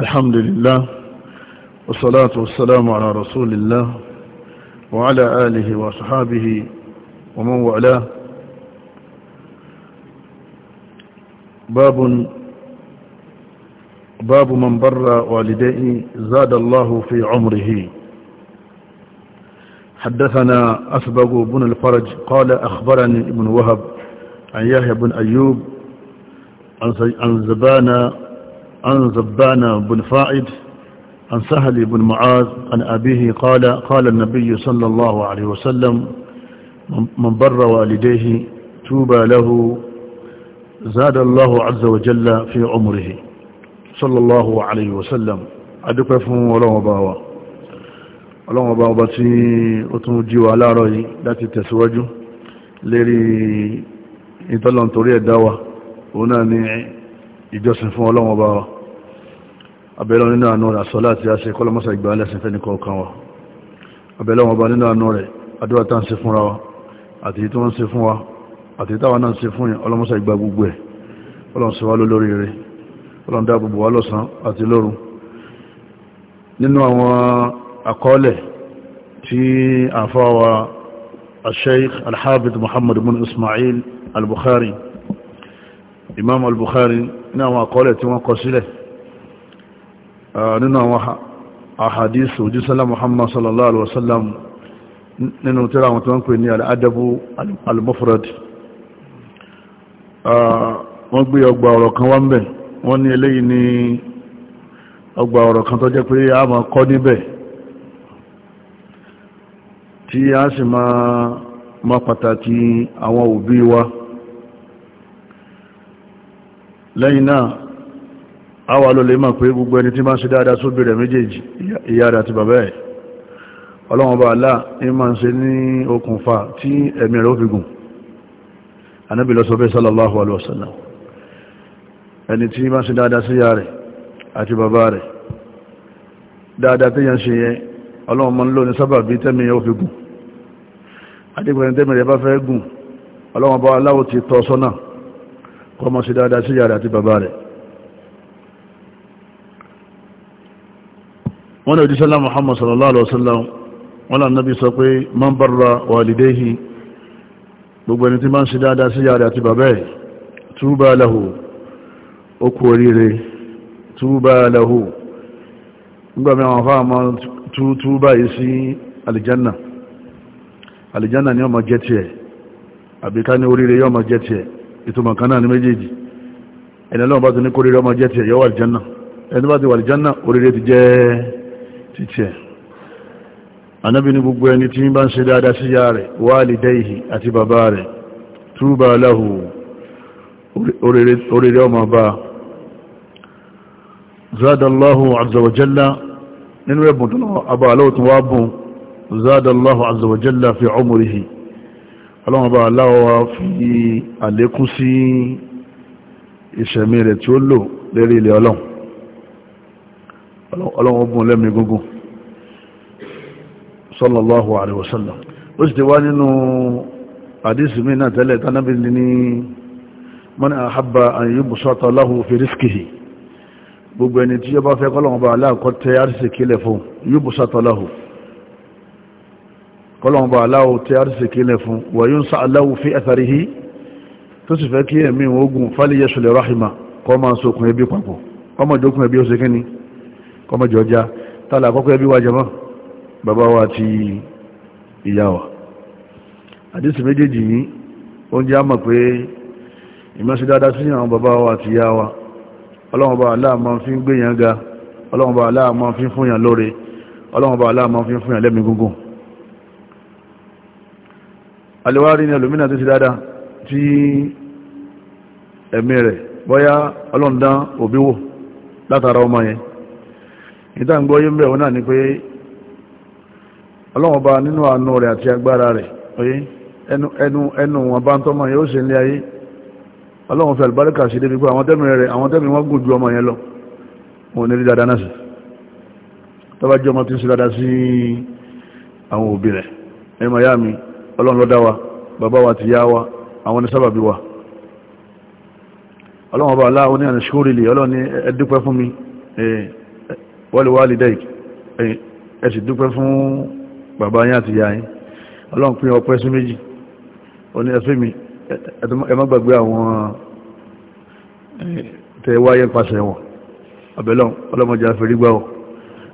الحمد لله والصلاة والسلام على رسول الله وعلى آله وصحابه ومن وعلاه باب باب من بر والديه زاد الله في عمره حدثنا أسبق بن الفرج قال أخبرني ابن وهب عن يحيى بن أيوب عن زبان عن زبان بن فائد عن سهل بن معاذ عن أبيه قال قال النبي صلى الله عليه وسلم من بر والديه توبى له زاد الله عز وجل في عمره صلى الله عليه وسلم أدوك ولو باوا ولو باوا باتي أتنجي وعلى رأي لا تتسواجه lérí ìtọ́lọ̀ torí ẹ̀dáwà òun náà ni ìjọsìn fún ọlọ́wọ́ bá wa abẹ́lọ́ nínú àánú rẹ̀ àsọ láti àṣẹ kọ́lọ́mọ́sà ìgbà lẹ́sìn fẹ́ni kọ̀ọ̀kan wa abẹ́lọ́ wọn bá nínú àánú rẹ̀ àdúrà tá ń ṣe fúnra wa àti tí wọ́n ń ṣe fún wa àti táwa náà ń ṣe fún yẹn ọlọ́mọ́sà ìgbà gbogbo ẹ̀ al-Bukhari imam al-bukhari ní àwọn àkọọ́lẹ̀ tí wọ́n kọ sílẹ̀ nínú àwọn ahadis òjísọ́lá muhammad sallallahu alaihi wasallam nínú tíra àwọn tí wọ́n pè ní al'adabu al-mufrad wọ́n gbé ọgbà ọ̀rọ̀ kan wá bẹ̀ wọ́n ní eléyìí ní ọgbà ọ̀rọ̀ kan tó jẹ́ pé a máa kọ́ níbẹ̀ tí a sì máa pàtàkì àwọn òbí wa lẹ́yìn náà àwa ló lè mọ̀ pé gbogbo ẹni tí máa ń ṣe dáadáa sóbì rẹ̀ méjèèjì ìyá rẹ̀ àti bàbá ẹ̀ ọlọ́wọ́n bá aláà ní máa ṣe ní okùnfà tí ẹ̀mí rẹ̀ ó fi gùn anábì lọ sọ bẹ́ sallallahu alaihi wasallam ẹni tí máa ń ṣe dáadáa sí ìyá rẹ̀ àti bàbá rẹ̀ dáadáa tí yẹn ṣe yẹn ọlọ́wọ́n máa ń lò ní sábàbí kó máa ṣe dáadáa sí yàrá àti bàbá rẹ̀ wọ́n ni òjísọ́lá Muhammad sallallahu alaihi wasallam wọ́n lànà bí sọ pé man barra walidehi gbogbo ẹni tí máa ń ṣe dáadáa sí yàrá àti bàbá ẹ̀ túbà lahu ó kú oríire túbà lahu nígbàmí àwọn fáàmà túbà yìí ni ó máa jẹ́ tiẹ̀ àbíká ní oríire yóò máa jẹ́ tiẹ̀ ìtumọ̀ kan náà ní méjèèjì ẹni ọlọ́run bá ti ní kórìíra ọmọ jẹ́ tiẹ̀ yọ wà lìjánná ẹni bá ti wà lìjánná oríire ti jẹ́ ti tiẹ̀ anábì ní gbogbo ẹni tí bá ń ṣe dáadáa sí ya rẹ̀ wálidayhi àti bàbá rẹ̀ túbà lahu oríire ọmọ bá zádàláhù àzọ̀wọ̀jẹ́lá nínú ẹ̀bùn tó náà abàlóòtún wá bùn zádàláhù àzọ̀wọ̀jẹ́lá fi umrihi ọlọ́run bá aláwọ̀ wa fi àlékún sí ìṣẹ̀mí rẹ̀ tí ó lò lérí ilẹ̀ ọlọ́run ọlọ́run ogun lẹ́mí gúngùn sallallahu alaihi wasallam ó sì ti wá nínú àdísì mí náà tẹ́lẹ̀ tánábì ní man ahabba an yubsata lahu fi rizqihi gbogbo kọlọ̀mbà aláwò tí a rísì kílẹ̀ fún wàyún sa aláwò fi ẹ̀fẹ̀rihí tó sì fẹ́ kí ẹ̀mí ogun fàlíyẹ ṣùlẹ̀ ráhìmá kọ ma sókun ẹbí papọ̀ ọmọ ìjókun ẹbí oṣù kíní kọmọ tààlà àkọ́kọ́ wa jẹmọ́ bàbá wa ti ìyá wa àdísì méjèèjì wa àti ìyá wa ọlọ́mọba aláàmọ́ fi ń gbéyàn ga ọlọ́mọba aláàmọ́ fi ń fúnyàn lóore ọlọ́mọba lẹ́mìí gúngùn alẹ́wárí ní ẹlòmínà tó ti dáadáa tí ẹ̀mí rẹ̀ bọ́yá ọlọ́ndán òbí wò látara ọmọ yẹn ìta ń gbọ́ yí mẹ́wọ́ náà ni pé ọlọ́wọ́ba nínú àánú rẹ̀ àti agbára rẹ̀ oyé ẹnu ẹnu wọn bá ń tọ́mọ yóò ṣe ní ayé ọlọ́wọ́n fẹ́ àlùbáríkà sí débi pé àwọn yẹn lọ wọn ń ṣe dáadáa miami ọlọ́run ló dá wa bàbá wa ti yá wa àwọn onísábàbí wa ọlọ́run ọba aláwọ̀ ní àníṣkúrìlì ọlọ́run ní ẹ dúpẹ́ fún mi wọ́lúwálì dẹ́ìk ẹ sì dúpẹ́ fún bàbá yín àti ìyá yín ọlọ́run pín ọpẹ́ sí méjì ó ní ẹfẹ́ mi ẹ má gbàgbé àwọn tẹ wáyé pàṣẹ wọn ọbẹ̀lọ́n ọlọ́mọjà fẹ́rígbà ọ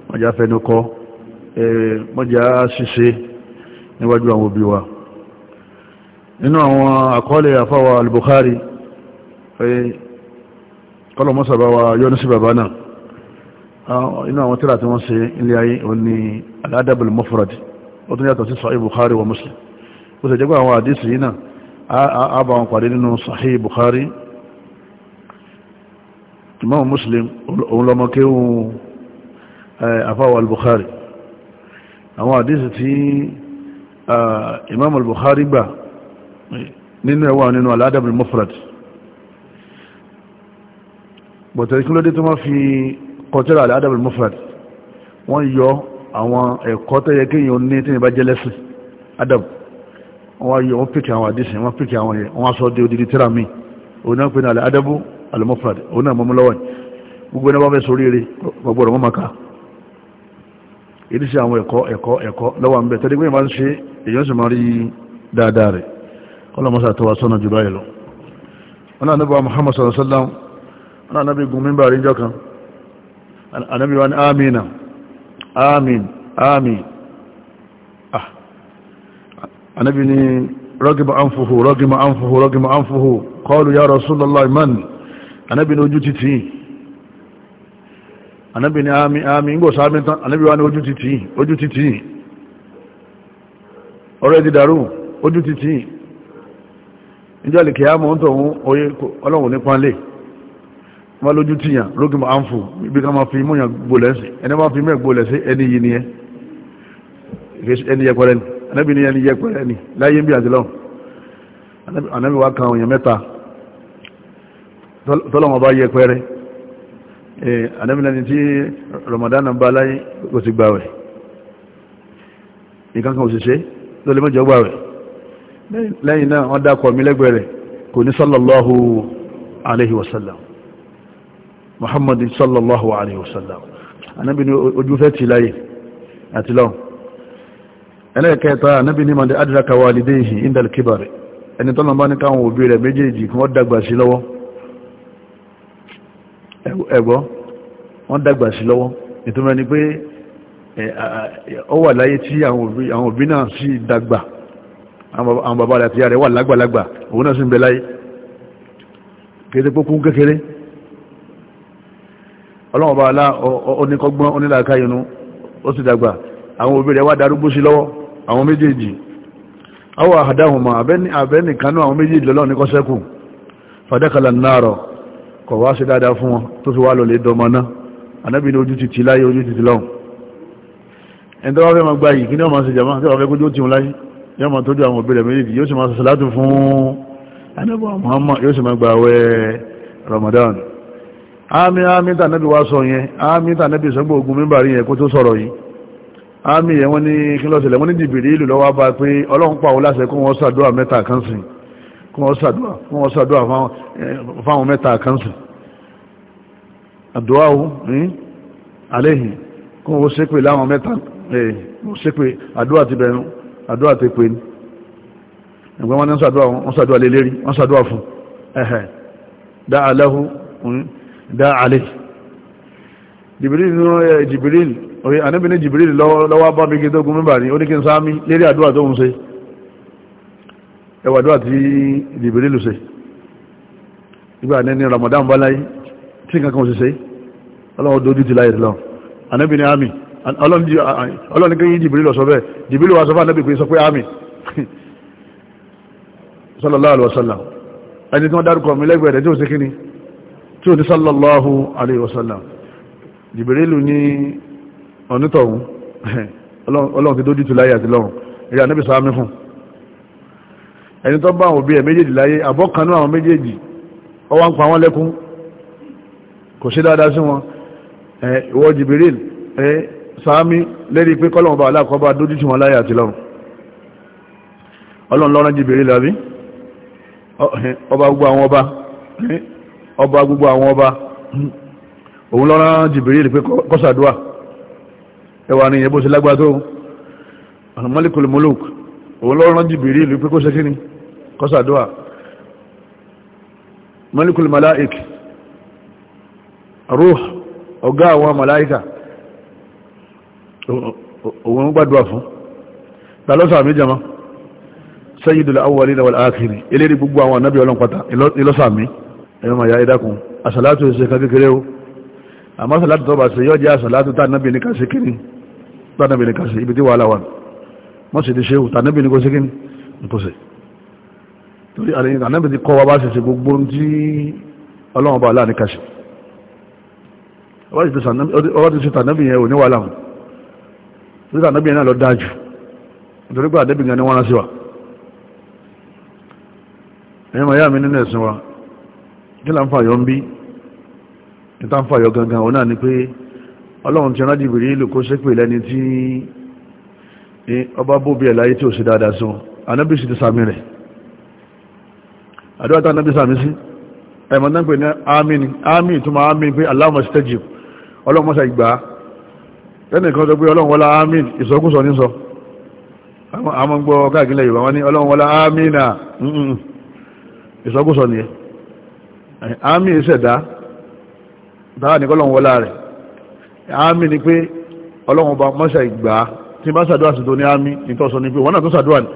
mọjà fẹnukọ mọjà ṣiṣẹ́ níwájú àwọn òbí wa nínú àwọn àkọọ́lẹ̀ àfáwà al-Bukhari kọlọ̀ mọ́sàbá wa yọ́nú sí bàbá náà inú àwọn tíra tí wọ́n ṣe ilé ayé òun ni al-Adab al-Mufrad ó tún yàtọ̀ sí Sahih Bukhari wa Muslim ó sì jẹ́gbà àwọn àdísì yìí náà àbà wọn pàdé nínú Sahih Bukhari Imam Muslim òun lọ́mọ kéhùn àfáwà nínú ẹwà nínú aládàbí mufrad bọ̀tẹ̀ kí ló dé tó wọ́n fi kọtíra aládàbí mufrad wọ́n yọ àwọn ẹ̀kọ́ tó yẹ kí yíò ní tí ìbá jẹ́lẹ́sì adab wọ́n yọ wọ́n pìkì àwọn àdísì wọ́n pìkì àwọn yẹ wọ́n sọ dé odidi tíra mi òun náà pè ní aládàbí alimufrad òun náà mọ́mú lọ́wọ́ gbogbo ẹni wọ́n fẹ́ sórí rẹ̀ kọlọmọsà tó wá sọ́nà jù báyìí lọ wọn náà nígbà Muhammad sallallahu alaihi wasallam wọn náà níbi gun mímbà rí jọkan anábí wa ní amina amin amin ah anábí ni rọ́gìmọ̀ anfuhu rọ́gìmọ̀ anfuhu rọ́gìmọ̀ anfuhu kọlu ya rasulallah man anábí ni ojú títí anábí ni amin amin gbọ́ sáàmì tán anábí wa ní ojú títí ojú títí ọ̀rẹ́ níjọ́ lè kìí àmọ́ tó ń oyé ọlọ́run ní pánlé wọ́n lójú tíyàn lókè máa ń fò bí ká máa fi múyàn gbólẹ́sì ẹni máa fi mẹ́ gbólẹ́sì ẹni yìí ni ẹ ẹni yẹpẹrẹ ni anábì ni ẹni yẹpẹrẹ láyé bí àti lọ́hùn anábì wá kan òyìn mẹ́ta Ramadan bá láyé kò sì gbàwẹ̀ nǹkan kan lẹ́yìn náà wọ́n dákọ̀ mi lẹ́gbẹ̀ẹ́ rẹ̀ kò ní sallallahu alaihi wasallam muhammad sallallahu alaihi wasallam anábi ni ojú fẹ́ ti láyé àti lọ ẹlẹ́ẹ̀kẹta anábi ni mọ̀dé adraka walidayhi indal kibar ẹni tọ́nà bá ní káwọn òbí rẹ̀ méjèèjì kí wọ́n dàgbà sí lọ́wọ́ ẹgbọ́ wọ́n dàgbà sí lọ́wọ́ àwọn bàbá rẹ̀ àti ìyá rẹ̀ wà lágbàlagbà òun náà sì ń bẹ láyé kéde pókún kékeré ọlọ́wọ́n bá alá oníkọgbọ́n onílàákáyinú ó sì dàgbà àwọn òbí rẹ̀ wá darúgbó sí lọ́wọ́ àwọn méjèèjì awọ àdáhùnmọ̀ abẹ́nìkanú àwọn méjèèjì lọ́lọ́ ní kọ́sẹ́kù fàdákàlà náàrọ̀ kọ̀ wá sí dáadáa fún wọn tó fi wá lọ lè yóò máa tọ́jú àwọn òbí rẹ̀ méjèèjì yóò sì máa sọ̀sọ̀ láti fún anábọ̀ Muhammad yóò sì máa gba àwẹ̀ Ramadan àmì àmì tànàbí wá sọ yẹn àmì tànàbí sọ́gbọ̀ ogun mímbàrí yẹn kó tó sọ̀rọ̀ yìí àmì yẹn wọ́n ní kí ló ṣẹlẹ̀ wọ́n ní dìbìrì ìlú lọ́wọ́ bá pé Ọlọ́run pa òun láṣẹ kó wọ́n ṣàdúrà mẹ́ta kan sìn kó wọ́n ṣàdúrà fáwọn eh, mẹ́ta kan sìn àdúrà ó ní àléhìn kó wọ́n ṣépè láwọn mẹ́ta eh, ṣépè àdúrà ti bẹ̀rù àdúrà tó pé ní ẹgbẹ́ wọn ní wọ́n sàdúrà lè lérí wọ́n sàdúrà fún ẹ̀hẹ̀ dá aláhù dá alẹ́ jìbìrìl orí anábìnrin jìbìrìl lọ́wọ́ bá bí gẹ́gẹ́ gúnmí bàrí ó ní kí n sáámi lérí àdúrà tó ń ṣe ẹwà àdúrà tí jìbìrìl ṣe ìgbà ní Ramadan bá láyé tí nǹkan kan ṣe ṣe ọlọ́wọ́ dojú ti láyé lọ anábìnrin àmì ọlọ́ni kí jìbìrì lọ sọ bẹ́ẹ̀ jìbìrì wa sọ fún anábì pé sọ pé àmì sallallahu alaihi wasallam ẹni tí wọ́n dárúkọ mi lẹ́gbẹ̀ẹ́ rẹ̀ tí ó sì kíni tí ó ní sallallahu alaihi wasallam jìbìrì lù ní ọ̀nítọ̀hún ọlọ́run ti dójú tu láyé àti lọ́run ẹ̀yà anábì sáámi fún ẹni tó bá àwọn òbí ẹ̀ méjèèjì láyé àbọ́kanú àwọn méjèèjì ọwá ń pa wọ́n lẹ́kún kò sí dáadáa sí wọn ìwọ jìbìrì sáámi lérí pé kọ́lọ̀mọba aláàkọ́bá dójú tí wọ́n láyé àti lọ́rùn ọlọ́run lọ́rán jìbìrì lábí ọba gbogbo àwọn ọba ọba gbogbo àwọn ọba òun lọ́rán jìbìrì pé kọ́sàdúà ẹwà ní ìyẹ́bó sí lágbàtó Malikul Muluk òun lọ́rán jìbìrì pé kó sẹ́kíní kọ́sàdúà Malikul Malaik Ruh ọ̀gá àwọn màláíkà òun gbàdúwà fún dalọ́sà mi jama sayyidul awwalina wal akhirin eléri gbogbo àwọn anábì ọlọ́n pátá ilọ́sà mi ẹ̀yọ́ màá ya ìdákun àsàlátù ẹ̀ṣẹ̀ kan kékeré o àmọ́ àsàlátù tó bá ṣe yọ́ jẹ́ àsàlátù tánàbì ní kàṣí kiri tánàbì ní kàṣí ibi tí wà láwà wọ́n sì o ṣe ò tánàbì ní kòṣí kiri nkòṣe torí àlẹ́yìn tánàbì ti kọ́ wa bá ṣe ṣe gbogbo tí ọlọ́wọ́n bá láà ní kàṣí ọwọ́ ti ṣe tánàbì yẹn ò ní wà láwọn títà náà bí náà lọ dájú nítorí pé àdébì gan ni wọ́n rán sí wa ẹ̀yìn màá yá mi nínú ẹ̀sìn wa kí là ń fàyọ ń bí níta ń fàyọ gangan òun náà ni pé ọlọ́run ti rán jìbìrì ìlú kó ṣépè lẹ́ni tí ọba bóbi ẹ̀ láyé tí ò sí dáadáa sí wọn anábì sì ti sàmì rẹ̀ àdúrà tá anábì sàmì sí ẹ̀mọ́ náà pè ní àmín ìtumọ̀ àmín pé Allahumma stajib ọlọ́run mọ́sà ìgbà ẹnìkan sọ pé ọlọ́run wọlá amín ìsọkúsọ ní sọ àwọn gbọ́ káàkiri yorùbá wọ́n ní ọlọ́run wọlá amínà ìsọkúsọ ní ẹ amín ìṣẹ̀dá dára ní ọlọ́run wọlá rẹ̀ amín ni pé ọlọ́run ọba mọ́ṣà ìgbà tí bá sàdúrà sí tó ní amín ìtọ́sọ ni pé wọ́n náà tó sàdúrà ní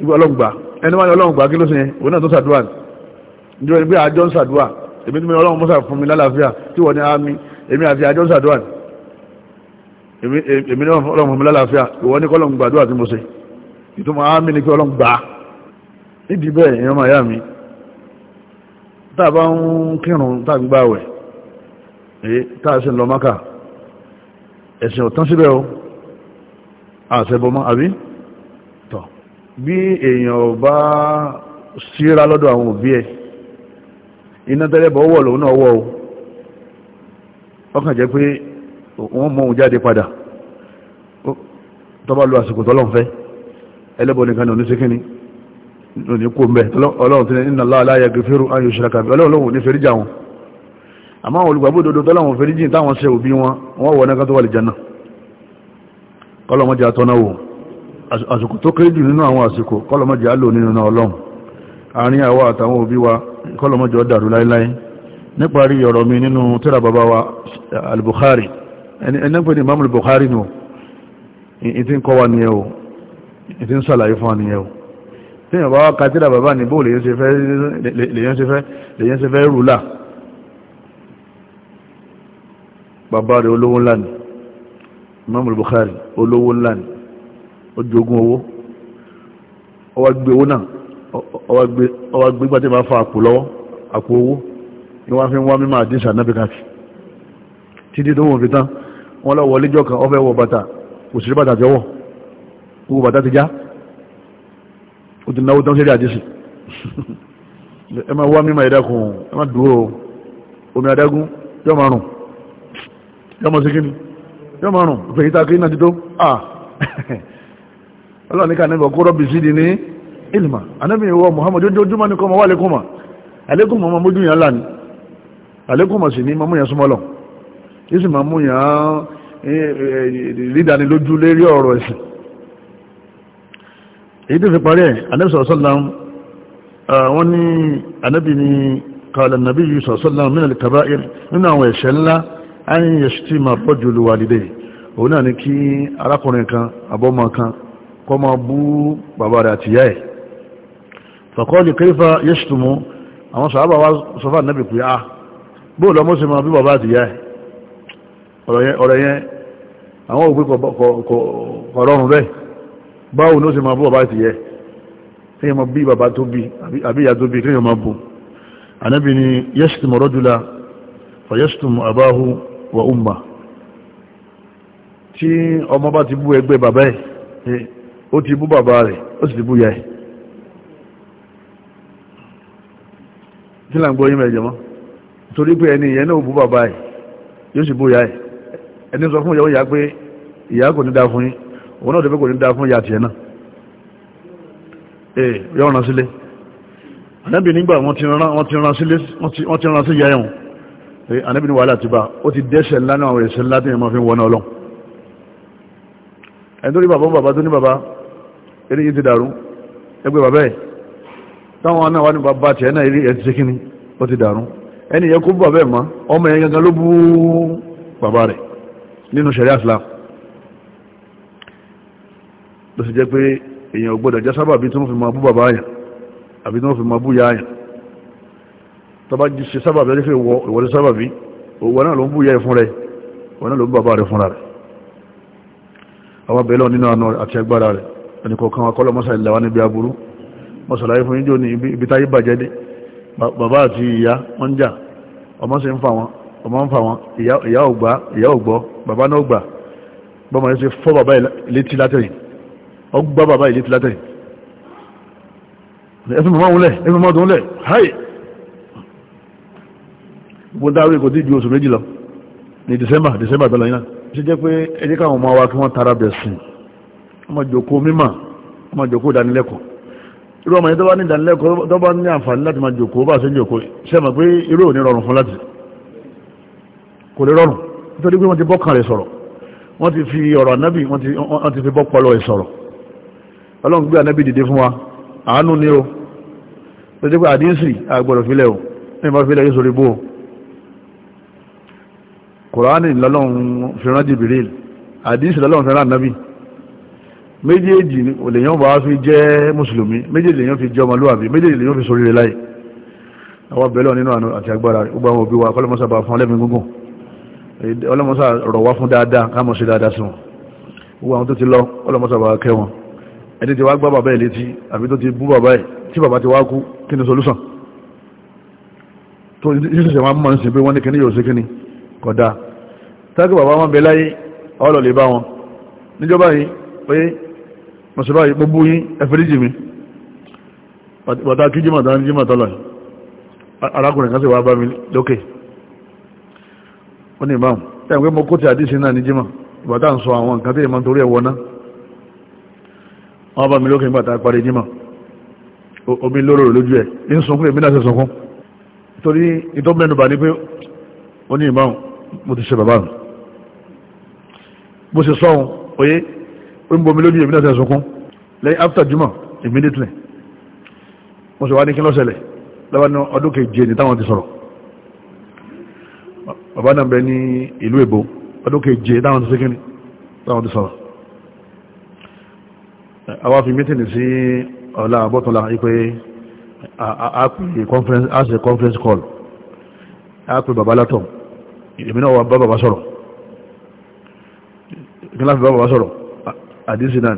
ibi ọlọ́run gbà ẹni wáyé ọlọ́run gbà kí ló sìn wọ́n náà èmi náà ọlọ́run fún mi lálàáfíà ìwọ ní kọ́lọ̀ ń gbàdúrà tí mo ṣe ìtumọ̀ àmì ni kí ọlọ́run gbà á nídìí bẹ́ẹ̀ èèyàn máa yá mi tàbá ń kírun tàgbà wẹ̀ èyí tààṣẹ lọ ẹ̀sìn ọ̀tán síbẹ̀ o àṣẹbọmọ́ àbí tọ̀ bí èèyàn bá síra lọ́dọ̀ àwọn òbí ẹ̀ iná tẹ́lẹ̀bọ̀ wọ̀ lòun náà wọ́ o ọkàn jẹ́ pé wọ́n mọ́ jáde padà tọ́bá lo àsìkò tọ́lọ́n fẹ́ ẹlẹ́bọ̀ nìkan ní oníṣẹ́kíní ní kó mẹ́ ọlọ́run tí ní Allah la yaghfiru an yushraka bihi ọlọ́run ní fẹ́ríjà wọn àmá àwọn olùgbàgbódodo tọ́lọ́run fẹ́ríjì táwọn ṣe òbí wọn ọ̀rọ̀ mi nínú tírà bàbá wa al-Bukhari ẹnẹ́gbẹ̀ ni Imam Bukhari nù ìtí ń kọwa ní ẹ̀wọ̀ ìtí ń sàlàyé fún ní ẹ̀wọ̀ tí ìyàwó wá kàtírà bàbá ní bóò lèyàn ṣe fẹ́ rúlà bàbá rẹ̀ olówó ńlá ni Imam Bukhari olówó ńlá ni ó jogún owó ọwá gbé owó náà ọwá gbé gbájẹ́ bá fa àpò lọ́wọ́ àpò owó ni wọ́n fi ń wá wọ́n fi tán wọ́n lọ wọlé jọ kan ọfẹ́ wọ bàtà òṣèré bàtà tí ọwọ́ gbogbo bàtà ti já ó ti náwó tán sí rí àdísì ẹ máa wá mímọ̀ ìdákun ẹ máa dúró omi adágún yọ máa rùn yọ máa síkíní yọ máa rùn ìfẹ̀yí ta kí náà ti tó à ọlọ́ọ̀ní ká níbọ̀ kó rọ́bì sí di ní ilma anábìyàn wọ Muhammad ojoojúmọ́ ní kọ́ ma wà lẹ́kùnmọ̀ alẹ́kùnmọ̀ ma mójú yàn lánìí alẹ́kùnmọ̀ sì ní mamúyàn súnmọ́ lọ́wọ́ yìí sì máa mú yàn án rídánilójú lérí ọ̀rọ̀ ẹ̀sìn èyí tó fi parí ẹ̀ anábì sọ̀sọ́lám wọ́n ní anábì ní kààlẹ̀ nàbí yìí sọ̀sọ́lám mínà kàbá nínú àwọn ẹ̀ṣẹ̀ ńlá ayin yẹ̀ṣùtì máa pọ̀ jù lù òun náà ní kí arákùnrin kan abọ́mọ kan kọ́ máa bú bàbá rẹ̀ àtìyá ẹ̀ fàkọ́ọ̀lì kẹfà yẹ̀ṣùtùmù àwọn sàábà wá sọfà nàbì pé ah bóòlù ọmọ sí máa bí bàbá àtìyá ẹ̀ ọ̀rọ̀ yẹn àwọn òpin kọ̀rọ̀rùn rẹ̀ báwo ní ó sì máa bú ọba ti yẹ tí yẹ ma bí bàbá tó bí àbí ìyá tó bí tí yẹ ma bú anábì ni yẹ́sùtùmù rọ́júlá fa yẹ́sùtùmù àbáhù wa umma tí ọmọ bá ti bú ẹgbẹ́ bàbá ẹ̀ ó ti bú bàbá rẹ̀ ó sì ti bú yẹ torí pé ẹni ìyẹn náà bú bàbá ẹ̀ yóò sì bú yá ẹ̀ ẹni sọ fún ìyàwó ìyá pé ìyá kò ní dá fún yín òun náà tó fẹ́ kò ní dá fún ìyá tiẹ̀ náà ee yọ ọ̀ràn sílé ànábì nígbà wọ́n ti rán sílé wọ́n ti rán sí yẹ̀yàn ànábì ní wàhálà ti bá ó ti dẹ́ṣẹ̀ ńlá náà àwọn ẹ̀ṣẹ̀ ńlá tí wọ́n fi wọ́n náà lọ ẹni tó rí bàbá bàbá tó ní bàbá eré yìí ti dàrú yẹ kó bàbá ẹ̀ mọ́ ọmọ yẹn gangan ló bú bàbá rẹ̀ nínú sharia Islam ló sì jẹ́ pé èèyàn gbọ́dọ̀ jẹ́ sábà bí tí wọ́n fi máa bú bàbá àyàn àbí tí wọ́n fi máa bú ya àyàn tó bá jí ṣe sábà bí ọjọ́ ìwọ ìwọlé sábà bí òwò náà ló ń bú ya ẹ̀fún rẹ̀ òwò náà ló ń bàbá rẹ̀ fúnra rẹ̀ àwọn abẹ́lọ́ nínú àna àti agbára rẹ̀ ẹnìkọ̀ọ̀kan akọ́lọ̀ mọ́sà ilẹ̀ wa níbi aburú mọ́sàlàyé fún yíjó ní ibi táyé bàjẹ́ dé bàbá àti ìyá wọ́n jà ọmọ sì ń fà wọn ọmọ ń fa wọn ìyá ògbà ìyá ògbọ́ bàbá náà gbà bọ́mọ̀ yóò ṣe fọ́ bàbá ìlétí látẹ̀yìn ọ gbá bàbá ìlétí látẹ̀yìn ẹfẹ́ mọ́ wọlẹ̀ ẹfẹ́ mọ́ tó wọlẹ̀ háì gbogbo dáwé kò tí ju oṣù méjì lọ ní December December bẹ̀rẹ̀ yìí ṣe jẹ́ pé ẹjẹ́ káwọn ọmọ wa kí wọ́n tara bẹ̀ sìn ọmọ jòkó mímọ̀ ọmọ jòkó ìdánilẹ́kọ̀ọ́ irú ọmọ yẹn tó bá ní ìdánilẹ́kọ̀ọ́ tó bá ní àǹfààní láti máa kò lè rọrùn nítorí pé wọ́n ti bọ́kàn rẹ̀ sọ̀rọ̀ wọ́n ti fi ọ̀rọ̀ ànábì wọ́n ti fi bọ́pọlọ rẹ̀ sọ̀rọ̀ ọlọ́run gbé ànábì dìde fún wa àánú ni o tó dé pé àdínsì àgbọ̀dọ̀ fílẹ̀ o ní ìbá fílẹ̀ yóò sórí bó o kùránì lọ́lọ́run fìran jìbìrìl àdínsì lọ́lọ́run fìran ànábì méjèèjì lèyàn bá fi jẹ́ mùsùlùmí méjèèjì lèyàn fi jẹ́ ọmọlúwàbí méjèèjì lèyàn fi sórí rẹ̀ láì àwọn bẹ̀lọ́ nínú àti agbára gbogbo àwọn òbí wa kọ́lọ́mọ́sàbà fún ọlẹ́mìí gúngùn ọlọ́mọsá rọ̀ wá fún dáadáa káàmọ̀ sí dáadáa sí wọn gbogbo àwọn tó ti lọ ọlọ́mọsá bá kẹ́ ẹni tí wá gbá bàbá ẹ̀ létí àbí tó ti bú bàbá ẹ̀ tí bàbá ti wá kú kí ni solúsàn tó ìṣẹ̀ṣẹ̀ wọn mọ̀ sí pé wọ́n ní kíní yóò sí kíní kódà tákì bàbá wọn bẹ láyé ọlọ́ lè bá wọn níjọba yìí pé mọ̀sùlá yìí gbogbo yín ẹfẹ́ríjì mi bàtà kí jímọ̀ tán jímọ̀ tọ́lọ̀ arákùnrin kan sì wá bá mi lókè okay ó ní ìmáàmù ẹ̀yìn pé mo kó ti àdísì náà ní jímọ̀ ìbátá ń sọ àwọn nǹkan tí ìmọ̀ torí ẹ̀wọ̀ náà wọ́n bá mi lókè nígbàtà parí jímọ̀ omi lóró lójú ẹ̀ ń sunkún èmi náà ṣe sunkún torí ìtọ́ mẹ́nubà ní pé ó ní ìmáàmù mo after jímọ̀ immediately mo sì wá ní kí lọ́sẹ̀lẹ̀ lọ́wọ́ ní ọdún keje ní táwọn ti sọ̀rọ̀ bàbá náà bẹ ní ìlú èbó ọdún keje dáwọn ti sékíní dáwọn ti sọ̀rọ̀ àwọn fi mítìnì sí ọ̀la àbọ́tọ̀lá ipé a conference call àpè bàbá látọ̀ èmi náà wà bá bàbá sọ̀rọ̀ ìkínlá fi bá bàbá sọ̀rọ̀ àdínsì náà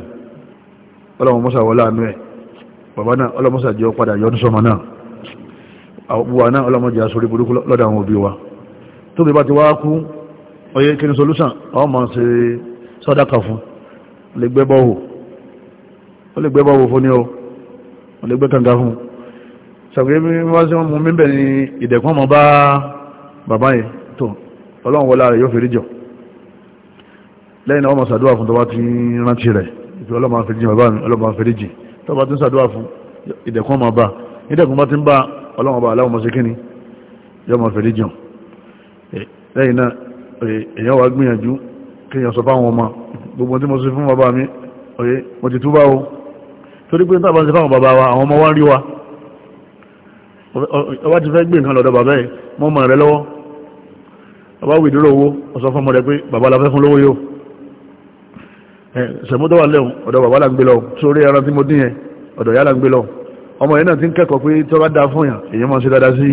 ọlọ́run mọ́sà wọlé àánú ẹ̀ bàbá náà ọlọ́mọ́sà jẹ́ padà yọ́ burúkú lọ́dọ̀ àwọn òbí wa tó lè bá ti wá kú ọyẹ́ kí ni solution ọ ma ṣe sọ́dáka fún lè gbẹ́bọ̀wò ó lè gbẹ́bọ̀wò fún ní ọ ó lè gbẹ́kànga fún ṣàgbé wá sí ọmọ mímbẹ̀ ni ìdẹ̀kùn ọmọ bá bàbá yẹn tó ọlọ́run wọlá rẹ̀ yóò fi ríjọ lẹ́yìn náà ọmọ sàdúwà fún tọba ti rántí rẹ̀ ìpí ọlọ́run fi ríjì bàbá mi ọlọ́run fi ríjì tọba ti ń sàdúwà fún ìdẹ̀kùn ọmọ bá ìdẹ̀kùn bá ti ń bá ọlọ́run bá aláwọ̀ sí kíni yọ́ mọ́ lẹ́yìn náà èyàn wà gbìyànjú kí èyàn sọ fáwọn ọmọ gbogbo tí mo sí fún bàbá mi oye mo ti túbá o torí pé tàbí sí fáwọn bàbá wa àwọn ọmọ wá rí wa ọba ti fẹ́ gbé nǹkan lọ́dọ̀ bàbá ẹ̀ mọ́ mọ̀ rẹ lọ́wọ́ ọba wì dúró owó ọsọ fún ọmọ rẹ pé bàbá la fẹ́ fún lówó yóò sẹ̀mọ́tọ́ wà lẹ́hùn ọ̀dọ̀ bàbá là ń gbé lọ sórí ẹran tí mo dín yẹn ọ̀dọ̀ yá là ń gbé lọ ọmọ yẹn náà ti ń kẹ́kọ̀ọ́ pé tọ́ bá dáa fún yàn èyí máa ń ṣe dáadáa sí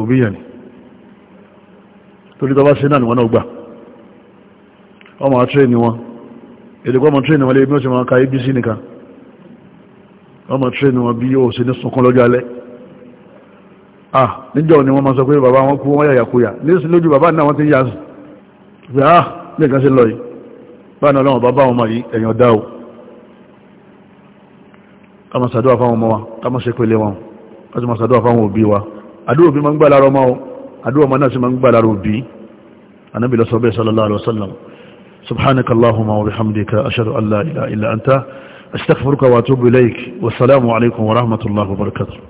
òbí yẹn ni torí tọba ṣe náà ni wọ́n náà gbà ọmọ àtírẹ́ni wọn èdèkọ́ ọmọ tírẹ́ni wọn lè bí ó ṣe máa ka abc nìkan ọmọ tírẹ́ni wọn bí yóò ṣe ní sunkún lọ́jọ́ alẹ́ ah níjọ́ ni wọ́n máa sọ pé bàbá wọn kú wọ́n yàyà kúyà lẹ́sìn lójú bàbá náà wọ́n ti yà sí ah lẹ́ẹ̀kan sí lọ yìí bá náà lọ́wọ́ bàbá wọn mọ̀ yìí ẹ̀yàn àdúwà ma náà sí ma ń gbà lára òbí anábì lọ sọ bẹ́ sallallahu alaihi wasallam subhanaka allahumma wa bihamdika ashhadu an la ilaha illa anta astaghfiruka wa atubu ilaik wassalamu alaikum wa rahmatullahi wa barakatuh